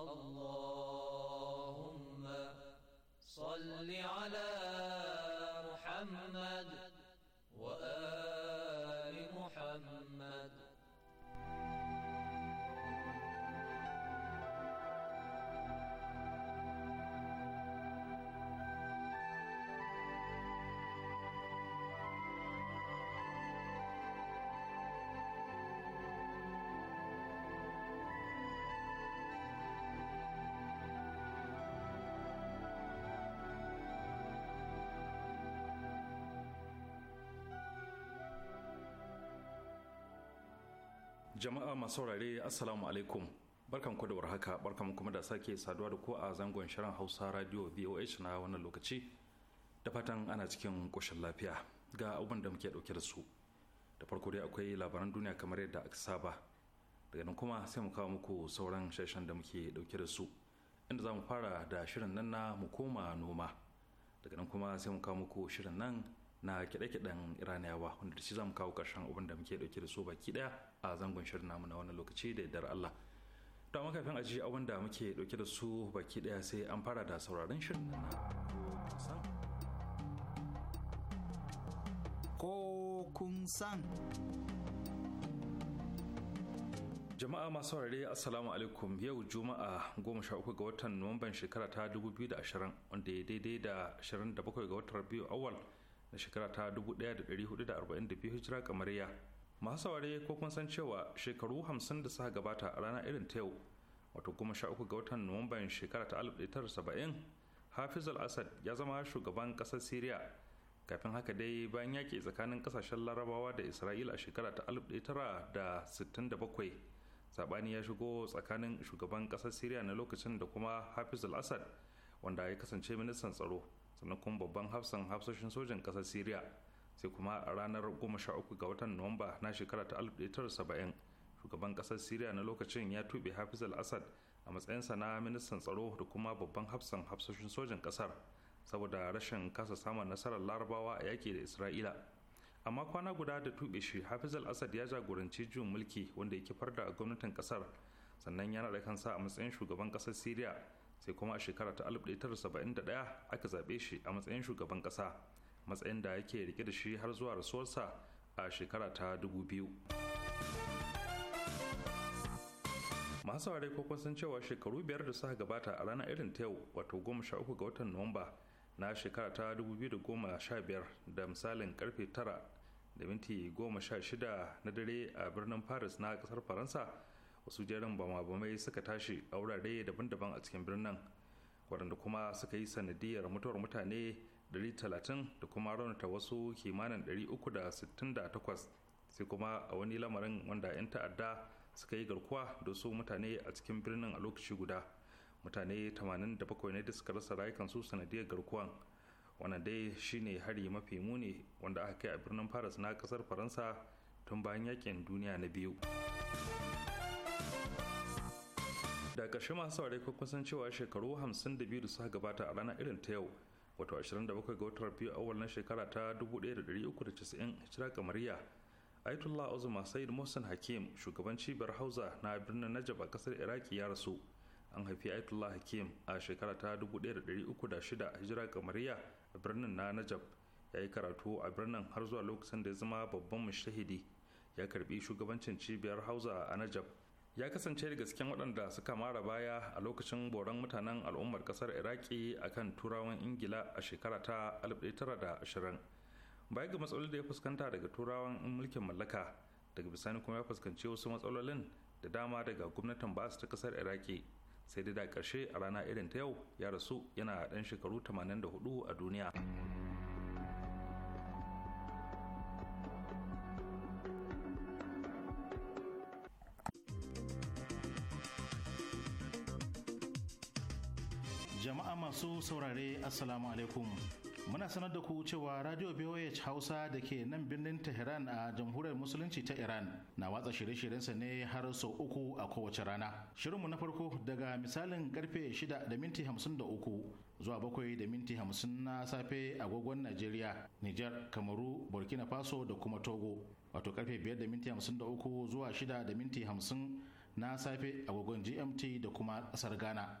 اللهم صل على محمد jama'a masu saurare assalamu alaikum barkan ku da warhaka barkan kuma da sake saduwa da ku a zangon shirin hausa radio voh na wannan lokaci da fatan ana cikin ƙoshin lafiya ga abubuwan da muke ɗauke da su da farko dai akwai labaran duniya kamar yadda aka saba daga nan kuma sai mu kawo muku sauran shashen da muke ɗauke da su inda za mu fara da shirin nan na mu koma noma daga nan kuma sai mu kawo muku shirin nan na kiɗe-kiɗen iraniyawa wanda da shi zamu kawo ƙarshen abin da muke ɗauke da su baki ɗaya a zangon shirin namu na wani lokaci da yardar Allah da amma kafin aji abin da muke ɗauke da su baki ɗaya sai an fara da sauraron shirin na ko kun san jama'a masu saurare assalamu alaikum yau juma'a 13 ga watan nuwamban shekara ta 2020 wanda ya daidai da 27 ga watan Rabiu awal a shekara ta 1442 hijira kamariya masu saurare ko kun san cewa shekaru 50 da suka gabata a rana irin ta yau wato kuma sha uku ga watan nuwamban shekara ta 1970 hafiz al-assad ya zama shugaban kasar syria kafin haka dai bayan yaki tsakanin kasashen larabawa da isra'ila a shekara ta 1967 sabani ya shigo tsakanin shugaban kasar syria na lokacin da kuma hafiz al-assad wanda ya kasance ministan tsaro sannan kuma babban hafsan hafsoshin sojan ƙasar syria sai kuma a ranar 13 ga watan nuwamba na shekara ta 1970 shugaban ƙasar syria na lokacin ya tuɓe hafiz al-assad a matsayinsa na ministan tsaro da kuma babban hafsan hafsoshin sojan ƙasar saboda rashin kasa samun nasarar larabawa a yaƙi da isra'ila amma kwana guda da tuɓe shi hafiz al-assad ya jagoranci juyin mulki wanda ya kifar da gwamnatin ƙasar sannan ya naɗa kansa a matsayin shugaban ƙasar syria sai kuma a shekara ta 1971 aka zaɓe shi a matsayin shugaban ƙasa matsayin da yake rike da shi har zuwa rasuwarsa a shekara ta 2000 masu ware ko kun cewa shekaru biyar da suka gabata a ranar irin ta yau wato 13 ga watan nuwamba na shekara ta 2015 da misalin karfe 9 da minti 16 na dare a birnin paris na kasar faransa wasu jerin bama-bamai suka tashi a wurare daban-daban a cikin birnin waɗanda kuma suka yi sanadiyar mutuwar mutane 130 da kuma raunata wasu kimanin 368 sai kuma a wani lamarin wanda 'yan ta'adda suka yi garkuwa da su mutane a cikin birnin a lokaci guda mutane 87 ne da suka rasa rayukansu sanadiyar garkuwan wannan dai shine hari mafi muni wanda aka kai a birnin paris na kasar faransa tun bayan yakin duniya na biyu da ƙarshe masu saurare ko kusan cewa shekaru 52 da suka gabata a ranar irin ta yau wato 27 ga watan biyu a na shekara ta 1390 hijira kamariya Aitullah Uzuma Said Mohsen Hakim shugaban cibiyar Hausa na birnin Najab a kasar Iraki ya rasu an haifi Aitullah Hakim a shekara ta 1306 hijira kamariya a birnin na Najab ya yi karatu a birnin har zuwa lokacin da ya zama babban mashahidi ya karbi shugabancin cibiyar Hausa a Najab ya kasance da gasken waɗanda suka mara baya a lokacin boron mutanen al'ummar ƙasar iraki a kan turawan ingila a shekara ta 1920 baya ga matsaloli da ya fuskanta daga turawan mulkin mallaka daga bisani kuma ya fuskanci wasu matsalolin da dama daga gwamnatin basu ta ƙasar iraki sai dai da ƙarshe a rana irin ta yau ya rasu yana ɗan shekaru 84 a duniya. saurare assalamu alaikum muna sanar da ku cewa radio voh hausa da ke nan birnin tehran a jamhuriyar musulunci ta iran na watsa shirye-shiryensa ne har sau uku a kowace rana shirinmu na farko daga misalin karfe 6:53 da minti zuwa 7:50 na safe agogon najeriya Niger, kamaru burkina faso da kuma togo wato karfe 5:53 da zuwa 6:50 na safe agogon gmt da kuma ƙasar ghana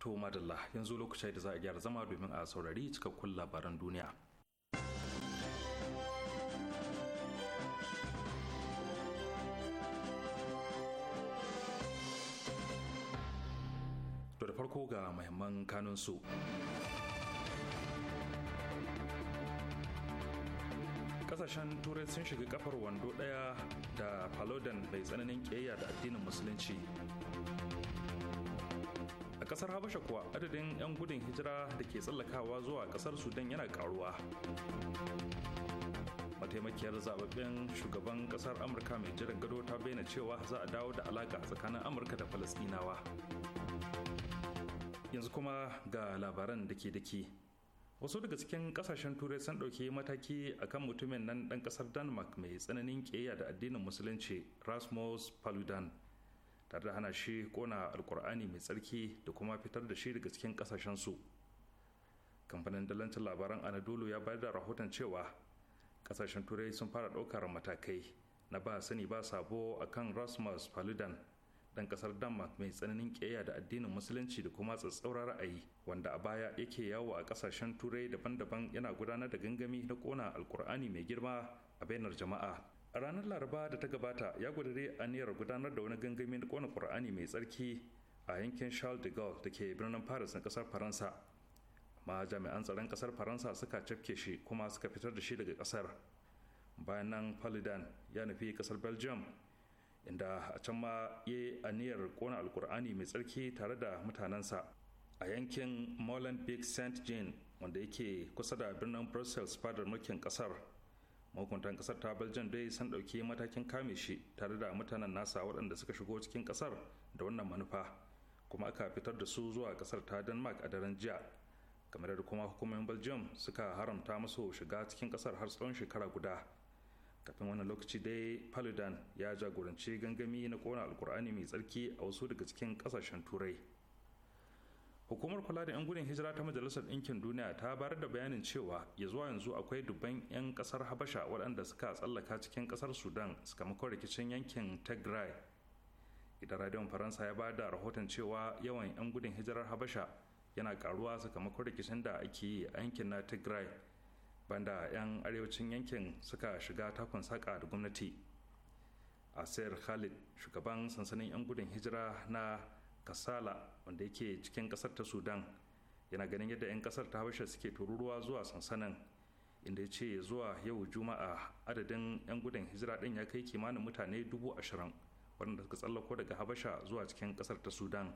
To madalla yanzu lokacin da za a gyara zama domin a saurari cikakkun labaran duniya. To da farko ga mahimman kanunsu. su. kasashen turai sun shiga kafar wando daya da falodan mai tsananin kiyayya da addinin musulunci a kasar habasha kuwa adadin 'yan gudun hijira da ke tsallakawa zuwa kasar sudan yana karuwa mataimakiyar zababben shugaban kasar amurka mai jiran gado ta bayyana cewa za a dawo da alaka tsakanin amurka da falasdinawa yanzu kuma ga labaran da ke dake wasu daga cikin kasashen turai sun ɗauki mataki akan mutumin nan ɗan ƙasar denmark mai tsananin ƙeya da addinin musulunci rasmus paludan tare da hana shi kona alkur'ani mai tsarki da kuma fitar da shi daga cikin su kamfanin dalancin labaran anadolu ya bayar da rahoton cewa kasashen turai sun fara ɗaukar matakai na ba sani ba sabo akan rasmus paludan ɗan kasar denmark mai tsananin ƙiyayya da addinin musulunci da kuma tsatsaura ra'ayi wanda a baya yake yawo a kasashen turai daban-daban yana gudanar da gangami na kona alkur'ani mai girma a bainar jama'a a ranar laraba da ta gabata ya a aniyar gudanar da wani gangami na kona kur'ani mai tsarki a yankin charles de gaulle da ke birnin paris na kasar faransa amma jami'an tsaron kasar faransa suka cafke shi kuma suka fitar da shi daga kasar bayan nan falidan ya nufi kasar belgium inda a can ma ya yi aniyar kona alkur'ani mai tsarki tare da mutanensa a yankin molenbeek st jean wanda yake kusa da birnin brussels fadar mulkin kasar mahukuntan kasar ta belgium dai sun ɗauki matakin kame shi tare da mutanen nasa waɗanda suka shigo cikin kasar da wannan manufa kuma aka fitar da su zuwa kasar ta denmark a daren jiya kamar da kuma hukumomin belgium suka haramta masu shiga cikin kasar har tsawon shekara guda kafin wannan lokaci dai paludan ya jagoranci gangami na kona alkur'ani mai tsarki a wasu daga cikin kasashen turai hukumar kula da 'yan gudun hijira ta majalisar ɗinkin duniya ta bayar da bayanin cewa ya zuwa yanzu akwai dubban 'yan kasar habasha waɗanda suka tsallaka cikin ƙasar sudan sakamakon rikicin yankin tigray idan radiyon faransa ya ba da rahoton cewa yawan 'yan gudun hijirar habasha yana karuwa sakamakon rikicin da ake yi a yankin na tigray banda 'yan arewacin yankin suka shiga takon saƙa da gwamnati a sayar khalid shugaban sansanin 'yan gudun hijira na kasala wanda yake cikin ƙasar ta sudan yana ganin yadda 'yan ƙasar ta habasha suke tururuwa zuwa sansanin inda ya ce zuwa yau juma'a adadin 'yan gudun hijira din ya kai kimanin mutane dubu ashirin wadanda suka tsallako daga habasha zuwa cikin ƙasar ta sudan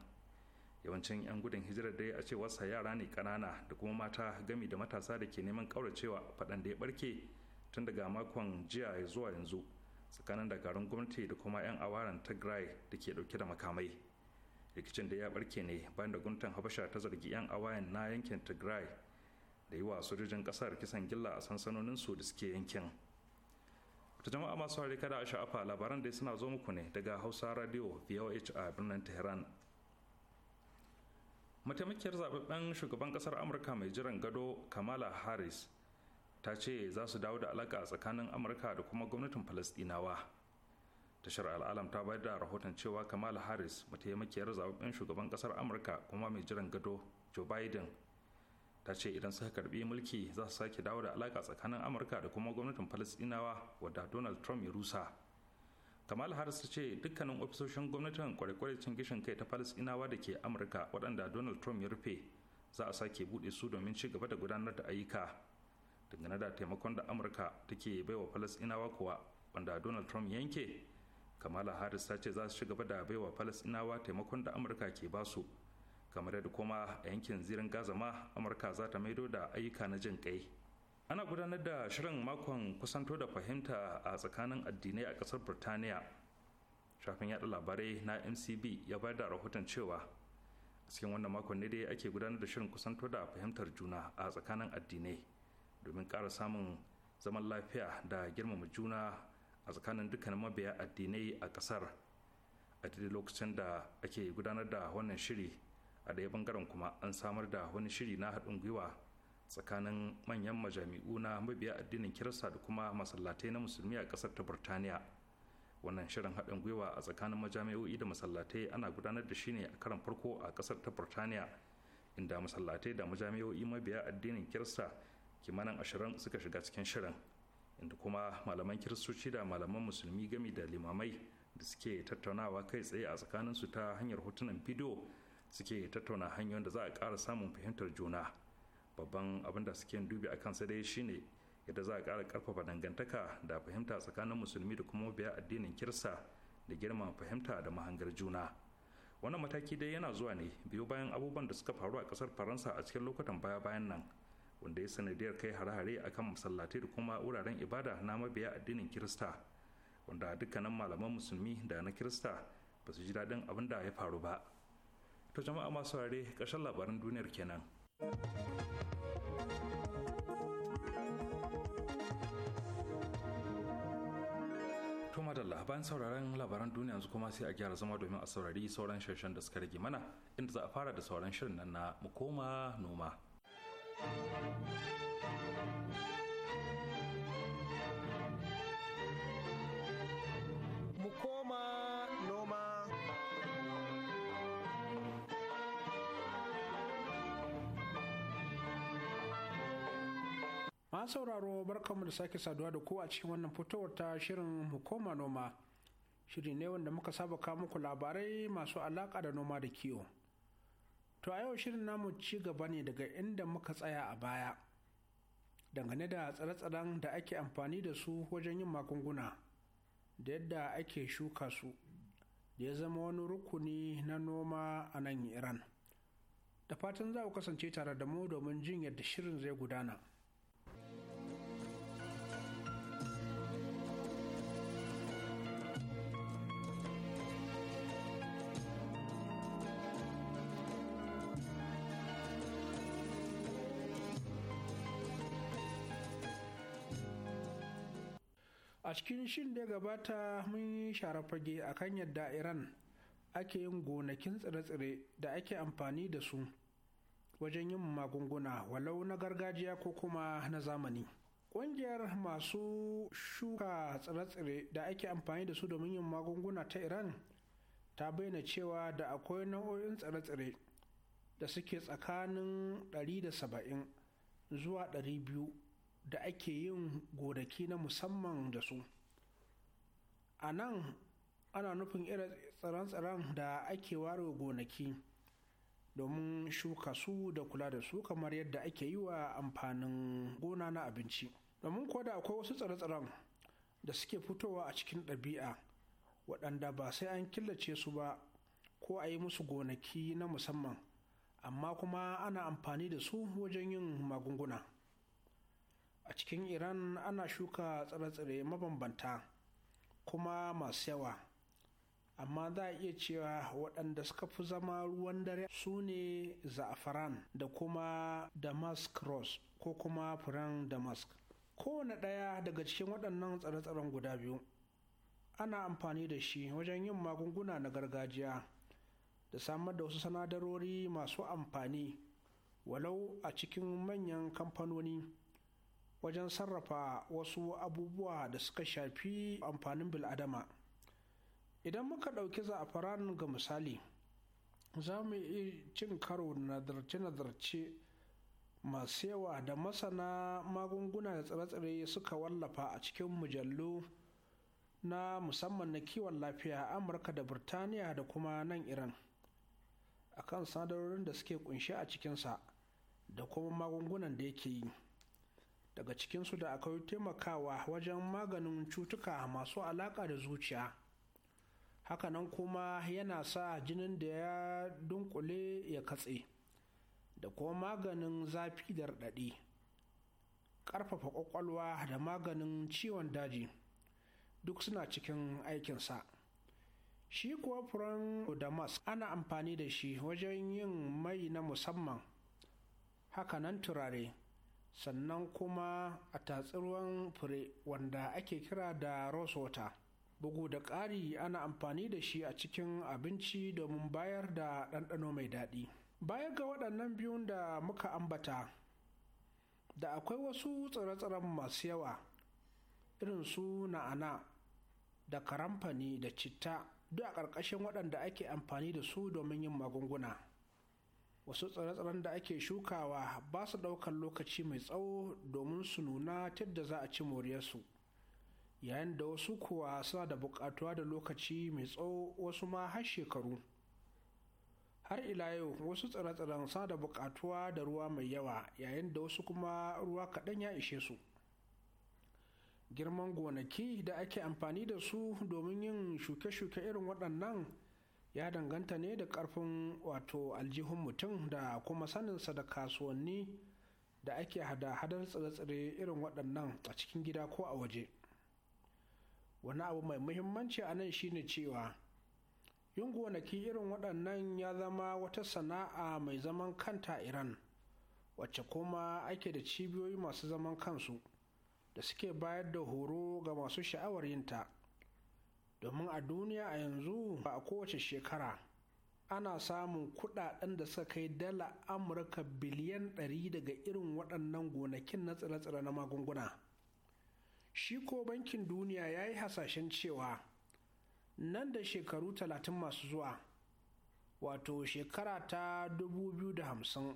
yawancin 'yan gudun hijirar dai a cewarsa yara ne kanana da kuma mata gami da matasa da ke neman kauracewa faɗan da ya barke tun daga makon jiya zuwa yanzu tsakanin dakarun gwamnati da kuma 'yan awaran tigray da ke dauke da makamai rikicin da ya barke ne bayan da gwamnatin habasha ta zargi 'yan awayan na yankin tigray da yi wa sojojin ƙasar kisan gilla a sansanonin su da suke yankin wata jama'a masu harika kada a sha'afa labaran da suna zo muku ne daga hausa radio voh a birnin tehran mataimakiyar zababben shugaban ƙasar amurka mai jiran gado kamala harris ta ce za su dawo da alaka tsakanin amurka da kuma gwamnatin falasdinawa tashar al'alam ta bayar da rahoton cewa kamala harris mataimakiyar zababben shugaban ƙasar amurka kuma mai jiran gado joe biden ta ce idan suka karbi mulki za su sake dawo da alaka tsakanin amurka da kuma gwamnatin falasdinawa wadda donald trump ya rusa kamal harris ta ce dukkanin ofisoshin gwamnatin kwarekwarai cin gishin kai ta palestinawa da ke amurka waɗanda donald trump ya rufe za a sake buɗe su domin ci gaba da gudanar da ayyuka dangane da taimakon da amurka take baiwa palestinawa kuwa wanda donald trump yanke kamala harris ta ce za su ci gaba da baiwa palestinawa taimakon da amurka ke basu kamar yadda kuma a yankin zirin gaza ma amurka za ta maido da ayyuka na jin kai ana gudanar da shirin makon kusanto da fahimta a tsakanin addinai a ƙasar Birtaniya. shafin yada labarai na mcb ya bayar da rahoton cewa cikin wannan makon ne dai ake gudanar da shirin kusanto da fahimtar juna a tsakanin addinai domin ƙara samun zaman lafiya da girmama juna a tsakanin dukkanin mabiya addinai a ƙasar a daidai lokacin da ake gudanar da wannan shiri a ɗaya bangaren kuma an samar da wani shiri na haɗin gwiwa tsakanin manyan majami'u na mabiya addinin kirista da kuma masallatai na musulmi a ƙasar ta burtaniya wannan shirin haɗin gwiwa a tsakanin majami'o'i da masallatai ana gudanar da shi ne a karan farko a kasar ta burtaniya inda masallatai da majami'o'i mabiya addinin kirista kimanin ashirin suka shiga cikin shirin inda kuma malaman kiristoci da malaman musulmi gami da limamai da suke tattaunawa kai tsaye a tsakaninsu ta hanyar hotunan bidiyo suke tattauna hanyoyin da za a ƙara samun fahimtar juna babban abin da suke dubi a kansa dai shine yadda za a ƙara ƙarfafa dangantaka da fahimta tsakanin musulmi da kuma biya addinin kirsa da girma fahimta da mahangar juna wannan mataki dai yana zuwa ne biyo bayan abubuwan da suka faru a ƙasar faransa a cikin lokutan baya bayan nan wanda ya sanadiyar kai hare-hare akan masallatai da kuma wuraren ibada na mabiya addinin kirista wanda dukkanin malaman musulmi da na kirista ba su ji daɗin abin da ya faru ba to jama'a masu rare ƙarshen labaran duniyar kenan kuma da labaran sauraron labaran duniya yanzu kuma sai a gyara zama domin a saurari sauran shirshen da suka rage mana inda za a fara da sauran shirin nan na mu koma noma ma sauraro barkamu da sake saduwa da ku a cikin wannan fitowar ta shirin hukuma noma shiri ne wanda muka saba kawo muku labarai masu alaƙa da noma da kiwo to a yau shirin namu ci gaba ne daga inda muka tsaya a baya dangane da tsare-tsaren da ake amfani da su wajen yin magunguna da yadda ake shuka su da ya zama wani rukuni na noma a nan iran da fatan za ku kasance tare da mu domin jin yadda shirin zai gudana. a cikin shin da gabata mun yi fage a kan yadda iran ake yin gonakin tsire-tsire da ake amfani da su wajen yin magunguna walau na gargajiya ko kuma na zamani ƙungiyar masu shuka tsire-tsire da ake amfani da su domin yin magunguna ta iran ta bayyana cewa da akwai nau'o'in tsire-tsire da suke tsakanin 170 zuwa 200 da ake yin gonaki na musamman da su a nan ana nufin irin tsaron tsaron da ake ware gonaki domin shuka su da kula da su kamar yadda ake yi wa amfanin gona na abinci domin kuwa da akwai wasu tsare-tsaren da suke fitowa a cikin ɗabi'a waɗanda ba sai an killace su ba ko a yi musu gonaki na musamman amma kuma ana amfani da su wajen yin magunguna. a cikin iran ana shuka tsire-tsire mabambanta kuma masu yawa amma za a iya cewa waɗanda suka fi zama ruwan dare su ne za'afaran da kuma damask rose ko kuma furen damask kowane ɗaya daga cikin waɗannan tsare-tsaren guda biyu ana amfani da shi wajen yin magunguna na gargajiya da samar da wasu sanadarori masu amfani walau a cikin manyan kamfanoni wajen sarrafa wasu abubuwa da suka shafi amfanin biladama idan muka ɗauki za'afaran ga misali za mu iya cin karo da nazarce-nazarce masu yawa da masana magunguna da tsire-tsire suka wallafa a cikin mujallu na musamman na kiwon lafiya a amurka da birtaniya da kuma nan iran akan sadarorin da suke kunshe a cikinsa da kuma magungunan da yake yi daga cikinsu da aka yi taimakawa wajen maganin cutuka masu alaƙa da zuciya hakanan kuma yana sa jinin da ya dunkule ya katse da kuma maganin zafi da raɗaɗi ƙarfafa ƙwaƙwalwa da maganin ciwon daji duk suna cikin aikinsa shi kuwa furen odamas ana amfani da shi wajen yin mai na musamman hakanan turare sannan kuma a tatsuruwan fure wanda ake kira da roswater bugu da ƙari ana amfani da shi a cikin abinci domin bayar da ɗanɗano mai daɗi baya ga waɗannan biyun da muka ambata da akwai wasu tsire-tsiren masu yawa irin su na'ana da karamfani da citta duk a ƙarƙashin waɗanda ake amfani da su domin yin magunguna wasu tsare-tsaren da ake shukawa ba su ɗaukar lokaci mai tsawo domin su nuna tadda yadda za a ci moriyarsu yayin da wasu kuwa suna da buƙatuwa da lokaci mai tsawo wasu ma har shekaru har ila yau wasu tsare-tsaren suna da buƙatuwa da ruwa mai yawa yayin da wasu kuma ruwa kaɗan ya ishe su girman gonaki da ake amfani da su domin yin shuke-shuke irin waɗannan ya danganta ne da ƙarfin wato aljihun mutum da kuma saninsa da kasuwanni da ake hada-hadar tsire-tsire irin waɗannan a cikin gida ko a waje wani abu mai muhimmanci a nan shine cewa yin gonaki irin waɗannan ya zama wata sana'a mai zaman kanta iran wacce kuma ake da cibiyoyi masu zaman kansu da suke bayar da horo ga masu sha'awar yinta domin a duniya a yanzu ba a kowace shekara ana samun kudaden da suka kai dala amurka biliyan 100 daga irin waɗannan gonakin na tsire-tsire na magunguna shi ko bankin duniya ya yi hasashen cewa nan da shekaru 30 masu zuwa wato shekara ta 2050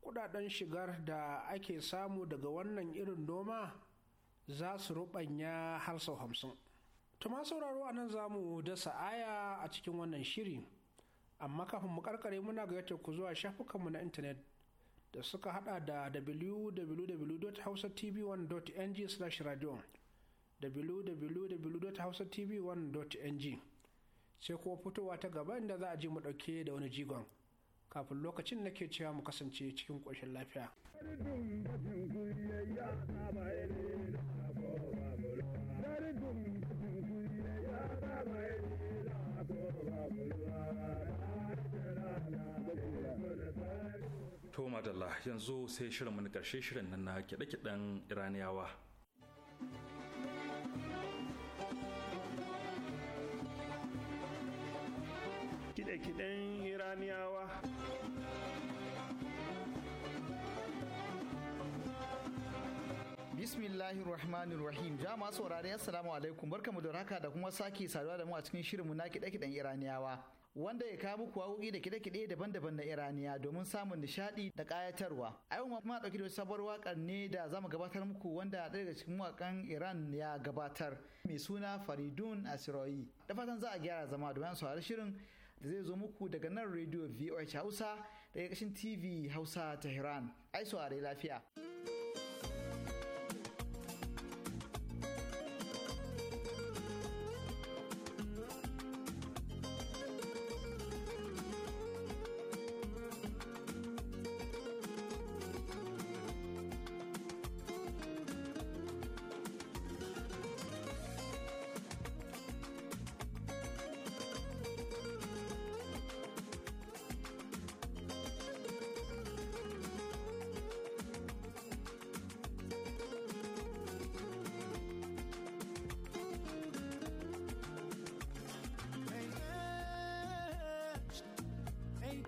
kudaden shigar da ake samu daga wannan irin noma za su rubanya har sau hamsin. To ma sauraro a nan za mu dasa aya a cikin wannan shiri, amma kafin mu karkare muna gayyata ku zuwa shafukanmu na intanet da suka hada da www.hausatv1.ng/radio www.hausatv1.ng sai kuma fitowa ta gaba inda za a ji mu dauke da wani jigon. kafin lokacin nake cewa mu kasance cikin ƙoshin lafiya. to madalla yanzu sai shirin mun karshe shirin nan na kiɗe-kiɗen iraniyawa kiɗe-kiɗen iraniyawa bismillahir rahmanir rahim ja masu saurare assalamu alaikum barkamu da raka da kuma sake saduwa da mu a cikin shirinmu na kiɗe-kiɗen iraniyawa wanda ya kawo muku waƙoƙi da kide-kide daban-daban na Iraniya domin samun nishaɗi da ƙayatarwa. A yau ma ɗauki da sabuwar waƙar ne da za mu gabatar muku wanda ɗaya daga cikin wakar Iran ya gabatar mai suna Faridun Asiroyi. Da fatan za a gyara zama domin saurari shirin da zai zo muku daga nan rediyo VOH Hausa daga kashin TV Hausa ta iran. Ai saurari lafiya.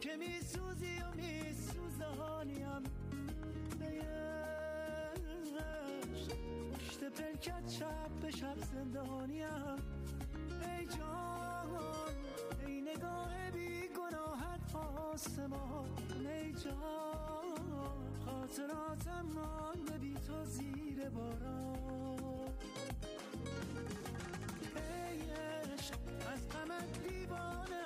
که میسوزی و میسوزانیم بیش پشت پرکت شب به شب زندانیم ای جان ای نگاه بی گناهت آسمان ای جان خاطراتم مانده بی تو زیر باران ای عشق از قمت دیوانه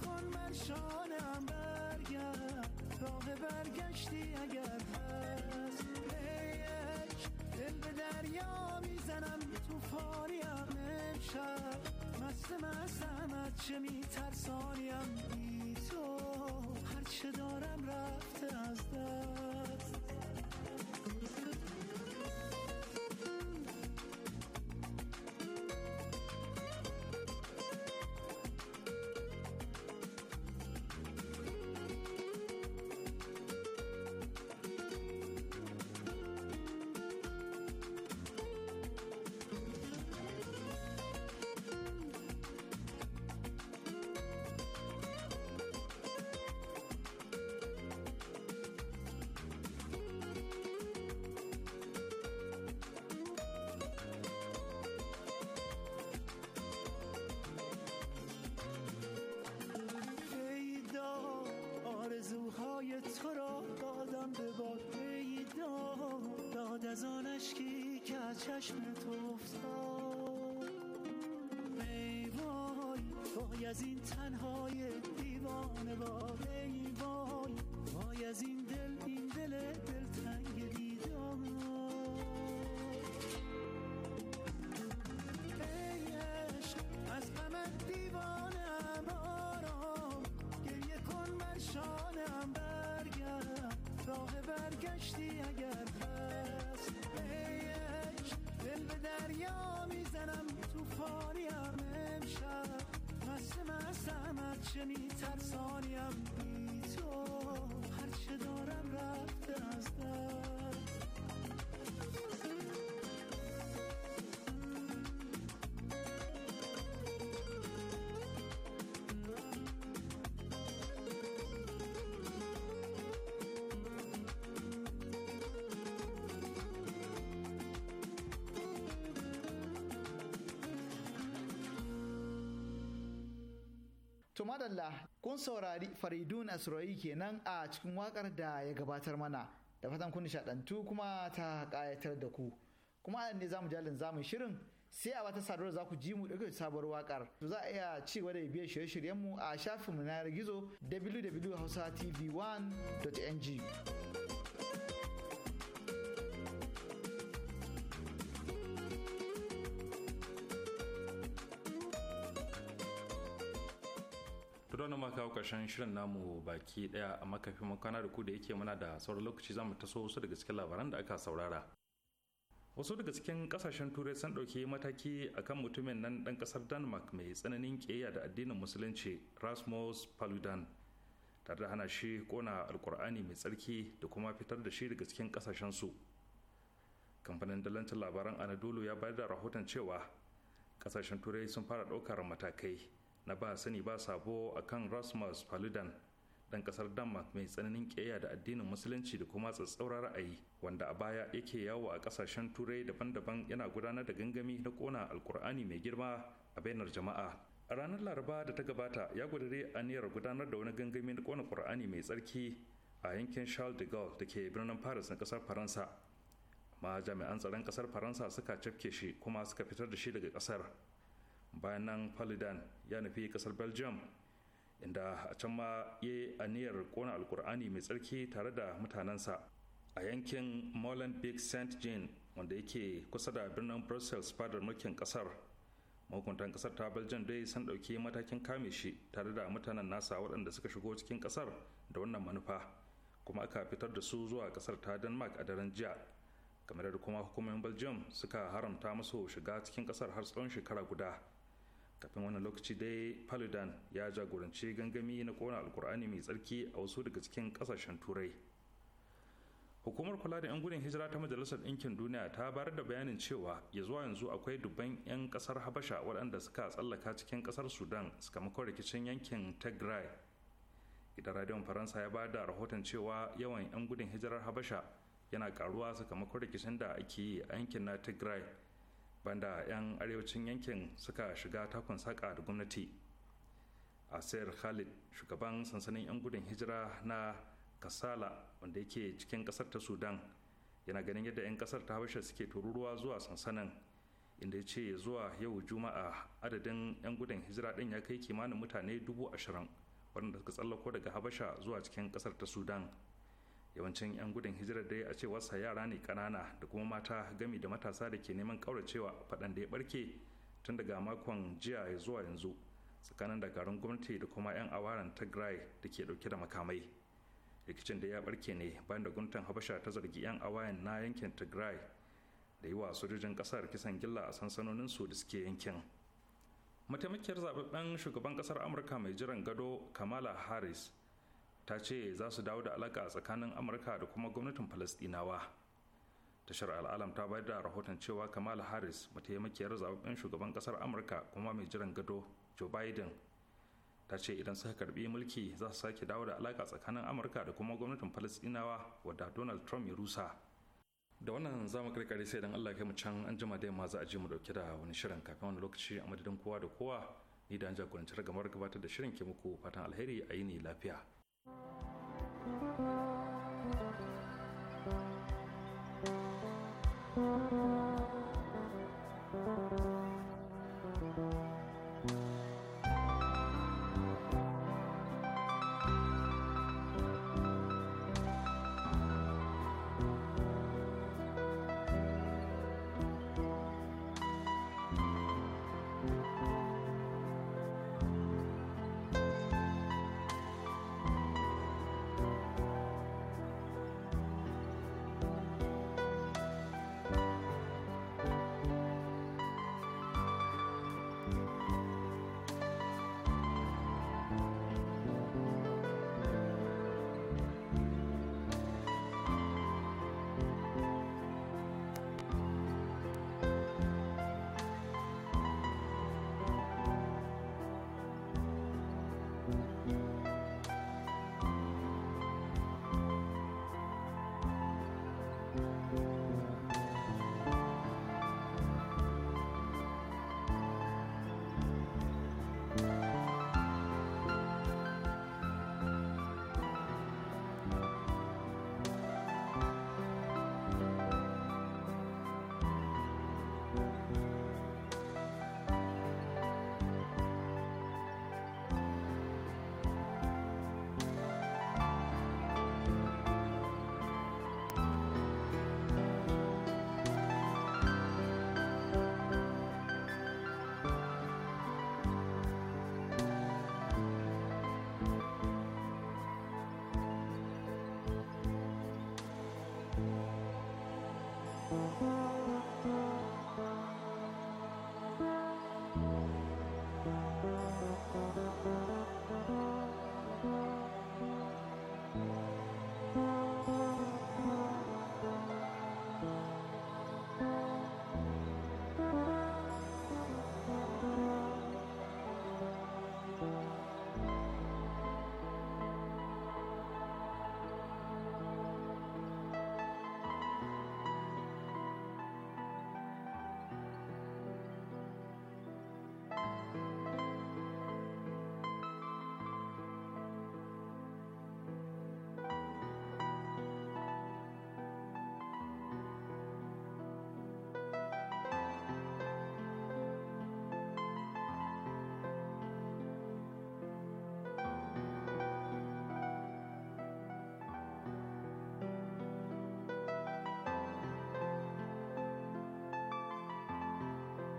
نکن من شانم برگرد راه برگشتی اگر هست یک دل به دریا میزنم توفانیم امشب مست مستم از چه میترسانیم بی تو هرچه دارم رفته از دست آرزوهای تو را دادم به باد ای داد از آن اشکی که از چشم تو افتاد ای وای وای از این تنهای دیوانه وای راه برگشتی اگر هست ایش دل به دریا میزنم تو فاریم امشب مست مستم از چه میترسانیم بی تو To madalla kun saurari Faridun Asroi kenan a cikin wakar da ya gabatar mana da fatan kun nishadantu kuma ta kayatar da ku. Kuma ne za zamu jalin zamu shirin sai a wata sadarwar za ku ji mu daga sabuwar wakar. To za a iya ci gaba da biya shirye-shiryen mu a shafin mu na gizo www.hausatv1.ng. da ma kawo karshen shirin namu baki daya a makafin makana da ku da yake muna da sauran lokaci zamu taso wasu daga cikin labaran da aka saurara wasu daga cikin kasashen turai sun ɗauki mataki akan mutumin nan dan kasar denmark mai tsananin keya da addinin musulunci rasmus paludan tare da hana shi kona alkur'ani mai tsarki da kuma fitar da shi daga cikin kasashen su kamfanin dalancin labaran anadolu ya bayar da rahoton cewa kasashen turai sun fara ɗaukar matakai na ba sani ba sabo a kan rasmus faludan ɗan ƙasar denmark mai tsananin ƙeya da addinin musulunci da kuma tsatsaura ra'ayi wanda a baya yake yawo a ƙasashen turai daban-daban yana gudanar da gangami na ƙona alkur'ani mai girma a bainar jama'a a ranar laraba da ta gabata ya a aniyar gudanar da wani gangami na ƙona ƙur'ani mai tsarki a yankin charles de gaulle da ke birnin paris na ƙasar faransa amma jami'an tsaron ƙasar faransa suka cafke shi kuma suka fitar da shi daga ƙasar bayan nan falidan ya nufi kasar belgium inda a can ma ya yi aniyar kona alkur'ani mai tsarki tare da mutanensa a yankin big saint jean wanda yake kusa da birnin brussels fadar mulkin kasar mahukuntan kasar ta belgium dai sun ɗauki matakin kame shi tare da mutanen nasa waɗanda suka shigo cikin kasar da wannan manufa kuma aka fitar da su zuwa kasar ta denmark a daren jiya kamar da kuma hukumomin belgium suka haramta musu shiga cikin kasar har tsawon shekara guda kafin wannan lokaci dai paludan ya jagoranci gangami na kona alkur'ani mai tsarki a wasu daga cikin kasashen turai hukumar kula da 'yan gudun hijira ta majalisar ɗinkin duniya ta bayar da bayanin cewa ya zuwa yanzu akwai dubban 'yan kasar habasha waɗanda suka tsallaka cikin kasar sudan sakamakon rikicin yankin tigray gidan radiyon faransa ya ba da rahoton cewa yawan 'yan gudun hijirar habasha yana karuwa sakamakon rikicin da ake yi a yankin na tigray banda 'yan arewacin yankin suka shiga takon saƙa da gwamnati a sayar khalid shugaban sansanin 'yan gudun hijira na kasala wanda yake cikin ƙasar ta sudan yana ganin yadda 'yan ƙasar ta habasha suke tururuwa zuwa sansanin inda ya ce zuwa yau juma'a adadin 'yan gudun hijira din ya kai kimanin mutane dubu ashirin waɗanda suka tsallako daga habasha zuwa cikin ƙasar ta sudan yawancin 'yan gudun hijirar dai a sa yara ne kanana da kuma mata gami da matasa da ke neman kauracewa faɗan da ya barke tun daga makon jiya zuwa yanzu tsakanin dakarun gwamnati da kuma 'yan awaran tigray da ke ɗauke da makamai rikicin da ya barke ne bayan da gwamnatin habasha ta zargi 'yan awayan na yankin tigray da yi wa sojojin ƙasar kisan gilla a sansanonin su da suke yankin mataimakiyar zababben shugaban ƙasar amurka mai jiran gado kamala harris ta ce za su dawo da alaka tsakanin amurka da kuma gwamnatin falastinawa tashar al'alam ta bayar da rahoton cewa kamala harris mataimakiyar zababben shugaban ƙasar amurka kuma mai jiran gado joe biden ta ce idan suka karbi mulki za su sake dawo da alaka tsakanin amurka da kuma gwamnatin falastinawa wadda donald trump ya rusa da wannan za mu karkare sai dan allah kai mu can an jima dai ma za a je mu dauke da wani shirin kafin wani lokaci a madadin kowa da kowa ni da an jagoranci ragamar gabatar da shirin ke muku fatan alheri a yi ne lafiya Thank you.